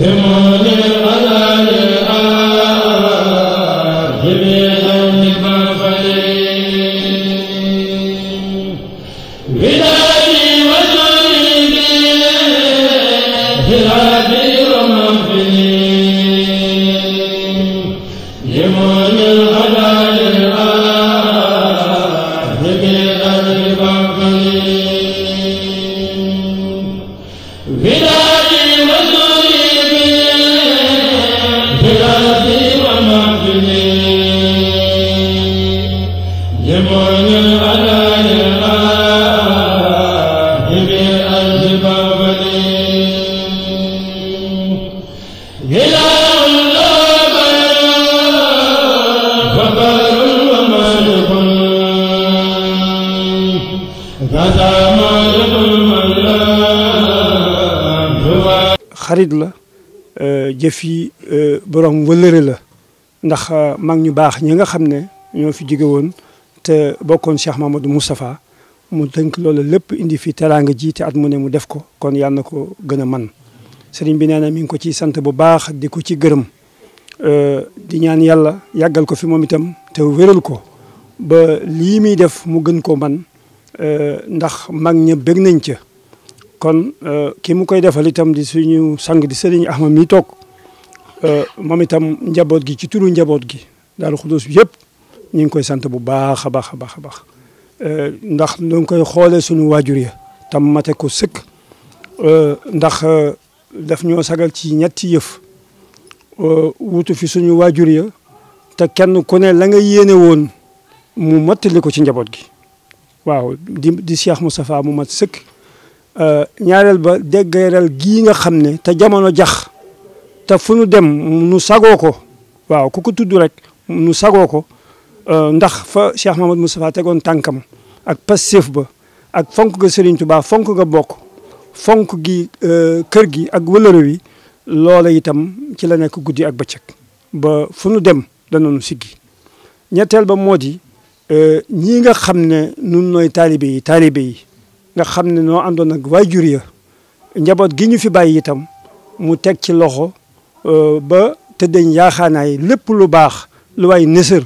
Yeah, xarit la jëf yi borom wëllëre la ndax mag ñu baax ñi nga xam ne ñoo fi jóge woon te bokkoon Cheikh Mamadou Moustapha mu lo loolu lépp indi fi teraanga jiite at mu ne mu def ko kon yàlla na ko man sëriñ bi nee na mi ngi ko ci sant bu baax di ko ci gërëm euh, di ñaan yàlla yàggal ko fi moom itam te wéral ko ba lii muy def mu gën ko man euh, ndax mag ña bég nañ ca kon euh, ki mu koy defal itam di suñu sang di sëriñ Ahmad mi toog moom itam njaboot gi ci turu njaboot gi daal xudus yépp ñu ngi koy sant bu baax a baax baax Euh, ndax nu ngi koy xoolee suñu waajur ya tam mate ko sëkk euh, ndax euh, daf ñoo sagal ci ñetti yëf wutu fi suñu waajur ya te kenn ku ne la nga yéene woon mu mottali ko ci njaboot gi waaw di di mu safaa mu mat sëkk ñaareel ba déggeeral gii nga xam ne te jamono jax te fu nu dem nu sagoo ko waaw ku ko tudd rek nu sagoo ko Euh, ndax fa Cheikh Mahamad Moustapha tegoon tànkam ak passef ba ak fonk ga Serigne Touba fonk nga bokk fonk gi euh, kër gi ak wëlëre wi loola itam ci la nekk guddi ak bëccëg ba fu nu dem danoonu siggi ñetteel ba moo di euh, ñii nga xam ne nun nooy taalibe yi taalibe yi nga xam ne noo àndoon ak waajur ya njaboot gi ñu fi bàyyi itam mu teg ci loxo ba tëddañ yaaxaanaay lépp lu baax lu waay nësër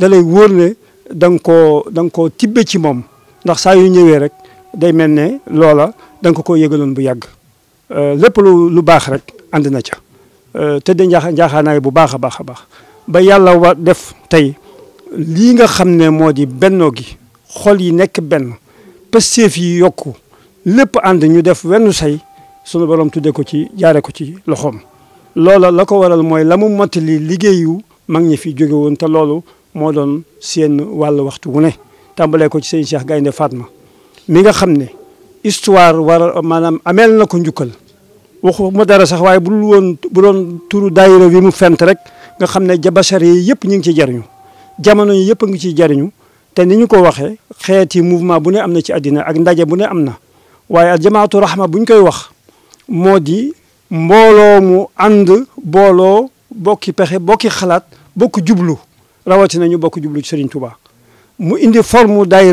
da lay wóor ne da nga koo da tibbe ci moom ndax saa yu ñëwee rek day mel ne loola danga ko ko yëgaloon bu yàgg euh, lépp lu lu baax rek ànd na ca euh, tëdde njaaxa njaaxaanaay bu baax a baax a baax ba yàlla wa def tey lii nga xam ne moo di bennoo gi xol yi nekk benn pësteef yi yokk lépp ànd ñu def wenn say sunu borom tuddee ko ci jaare ko ci loxoom loola la ko waral mooy la mu mottali liggéeyu mag ñi fi jóge woon te loolu moo doon seen wàll waxtu wu ne tàmbalee ko ci sëñ Cheikh Gaynde faatma mi nga xam ne histoire war maanaam ameel na ko njukkal waxu ma dara sax waaye bu dul woon bu doon turu daayira bi mu fent rek nga xam ne jabasar yi yëpp ñu ngi ciy jariñu jamono yi yëpp a ngi ciy jariñu te ni ñu ko waxee xeeti mouvement bu ne am na ci addina ak ndaje bu ne am na waaye aljamaatu rahma bu ñu koy wax moo di mbooloo mu ànd booloo bokki pexe bokki xalaat bokki jublu rawatina ñu bokk jublu ci Serigne Touba mu indi forme day